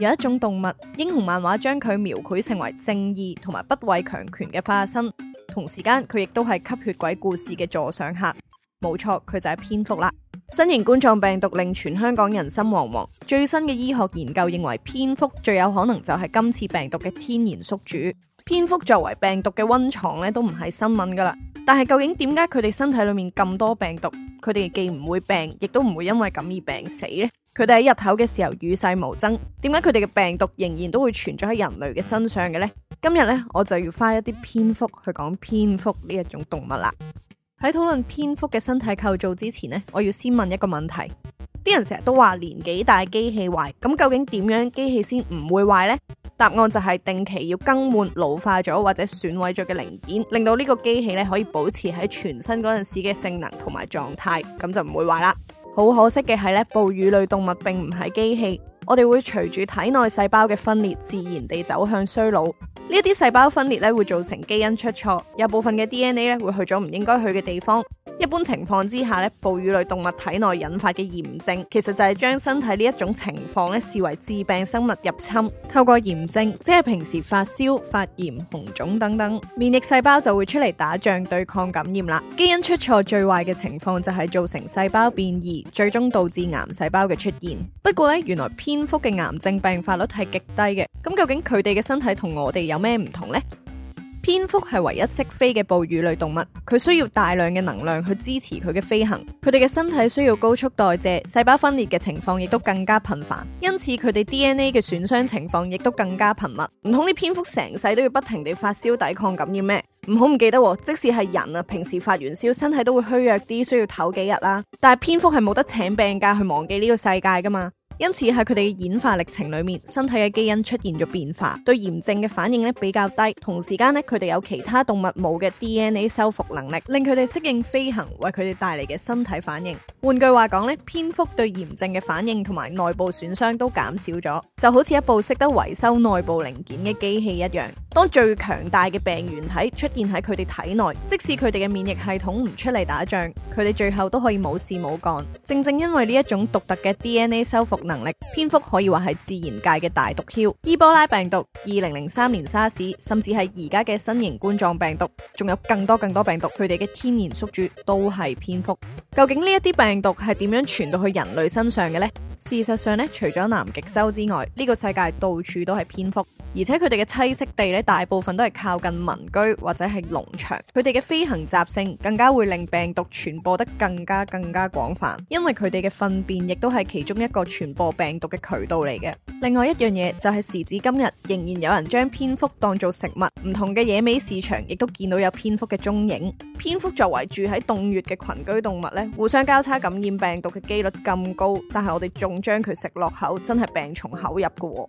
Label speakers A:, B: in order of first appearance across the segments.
A: 有一種動物，英雄漫畫將佢描繪成為正義同埋不畏強權嘅化身，同時間佢亦都係吸血鬼故事嘅座上客。冇錯，佢就係蝙蝠啦。新型冠狀病毒令全香港人心惶惶，最新嘅醫學研究認為蝙蝠最有可能就係今次病毒嘅天然宿主。蝙蝠作為病毒嘅溫床咧，都唔係新聞噶啦。但係究竟點解佢哋身體裏面咁多病毒，佢哋既唔會病，亦都唔會因為咁而病死呢？佢哋喺日頭嘅時候與世無爭，點解佢哋嘅病毒仍然都會存在喺人類嘅身上嘅呢？今日呢，我就要花一啲篇幅去講蝙蝠呢一種動物啦。喺討論蝙蝠嘅身體構造之前呢，我要先問一個問題：啲人成日都話年紀大機器壞，咁究竟點樣機器先唔會壞呢？答案就係定期要更換老化咗或者損毀咗嘅零件，令到呢個機器咧可以保持喺全新嗰陣時嘅性能同埋狀態，咁就唔會壞啦。好可惜嘅係咧，哺乳類動物並唔係機器。我哋會隨住體內細胞嘅分裂，自然地走向衰老。呢一啲細胞分裂咧，會造成基因出錯，有部分嘅 DNA 咧會去咗唔應該去嘅地方。一般情況之下咧，哺乳類動物體內引發嘅炎症，其實就係將身體呢一種情況咧視為致病生物入侵，透過炎症，即係平時發燒、發炎、紅腫等等，免疫細胞就會出嚟打仗對抗感染啦。基因出錯最壞嘅情況就係造成細胞變異，最終導致癌細胞嘅出現。不過咧，原來 P 蝙蝠嘅癌症病發率係極低嘅，咁究竟佢哋嘅身體同我哋有咩唔同呢？蝙蝠係唯一識飛嘅哺乳類動物，佢需要大量嘅能量去支持佢嘅飛行，佢哋嘅身體需要高速代謝，細胞分裂嘅情況亦都更加頻繁，因此佢哋 DNA 嘅損傷情況亦都更加頻密。唔通啲蝙蝠成世都要不停地發燒抵抗感染咩？唔好唔記得，即使係人啊，平時發完燒，身體都會虛弱啲，需要唞幾日啦。但係蝙蝠係冇得請病假去忘記呢個世界噶嘛。因此喺佢哋嘅演化歷程裏面，身體嘅基因出現咗變化，對炎症嘅反應咧比較低，同時間咧佢哋有其他動物冇嘅 DNA 修復能力，令佢哋適應飛行，為佢哋帶嚟嘅身體反應。換句話講咧，蝙蝠對炎症嘅反應同埋內部損傷都減少咗，就好似一部識得維修內部零件嘅機器一樣。當最強大嘅病原體出現喺佢哋體內，即使佢哋嘅免疫系統唔出嚟打仗，佢哋最後都可以冇事冇幹。正正因為呢一種獨特嘅 DNA 修復能力，蝙蝠可以話係自然界嘅大毒梟。伊波拉病毒、二零零三年沙士，甚至係而家嘅新型冠狀病毒，仲有更多更多病毒，佢哋嘅天然宿主都係蝙蝠。究竟呢一啲病病毒係點樣傳到去人類身上嘅呢？事實上咧，除咗南極洲之外，呢、這個世界到處都係蝙蝠，而且佢哋嘅棲息地咧，大部分都係靠近民居或者係農場。佢哋嘅飛行習性更加會令病毒傳播得更加更加廣泛，因為佢哋嘅糞便亦都係其中一個傳播病毒嘅渠道嚟嘅。另外一樣嘢就係、是、時至今日，仍然有人將蝙蝠當做食物，唔同嘅野味市場亦都見到有蝙蝠嘅蹤影。蝙蝠作為住喺洞穴嘅群居動物咧，互相交叉感染病毒嘅幾率咁高，但係我哋將佢食落口，真係病從口入噶。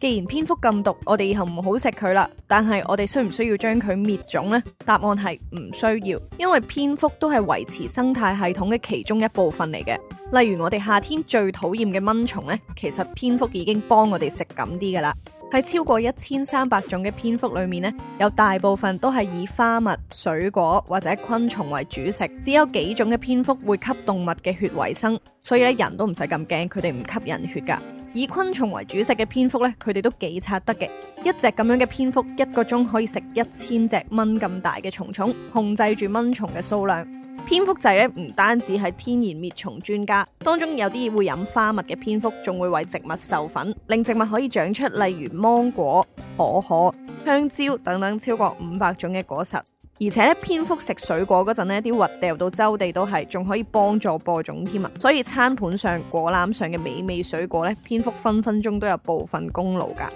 A: 既然蝙蝠咁毒，我哋以後唔好食佢啦。但係我哋需唔需要將佢滅種呢？答案係唔需要，因為蝙蝠都係維持生態系統嘅其中一部分嚟嘅。例如我哋夏天最討厭嘅蚊蟲呢，其實蝙蝠已經幫我哋食咁啲噶啦。喺超過一千三百種嘅蝙蝠裏面呢有大部分都係以花蜜、水果或者昆蟲為主食，只有幾種嘅蝙蝠會吸動物嘅血為生，所以咧人都唔使咁驚，佢哋唔吸人血噶。以昆蟲為主食嘅蝙蝠咧，佢哋都幾刷得嘅。一隻咁樣嘅蝙蝠一個鐘可以食一千隻蚊咁大嘅蟲蟲，控制住蚊蟲嘅數量。蝙蝠仔咧唔單止係天然滅蟲專家，當中有啲會飲花蜜嘅蝙蝠，仲會為植物授粉，令植物可以長出例如芒果、可可、香蕉等等超過五百種嘅果實。而且蝙蝠食水果嗰陣咧，啲核掉到周地都係，仲可以幫助播種添啊！所以餐盤上果籃上嘅美味水果咧，蝙蝠分分鐘都有部分功勞噶。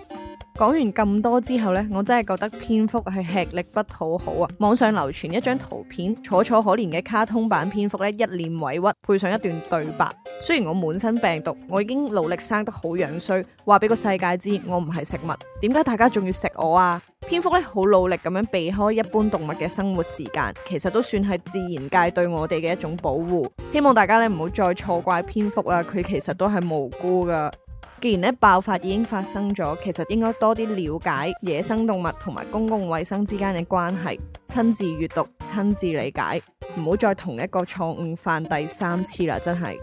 A: 講完咁多之後呢，我真係覺得蝙蝠係吃力不討好啊！網上流傳一張圖片，楚楚可憐嘅卡通版蝙蝠呢，一臉委屈，配上一段對白：雖然我滿身病毒，我已經努力生得好樣衰，話俾個世界知我唔係食物，點解大家仲要食我啊？蝙蝠呢，好努力咁樣避開一般動物嘅生活時間，其實都算係自然界對我哋嘅一種保護。希望大家呢，唔好再錯怪蝙蝠啊！佢其實都係無辜㗎。既然呢，爆發已經發生咗，其實應該多啲了解野生動物同埋公共衛生之間嘅關係，親自閱讀、親自理解，唔好再同一個錯誤犯第三次啦！真係。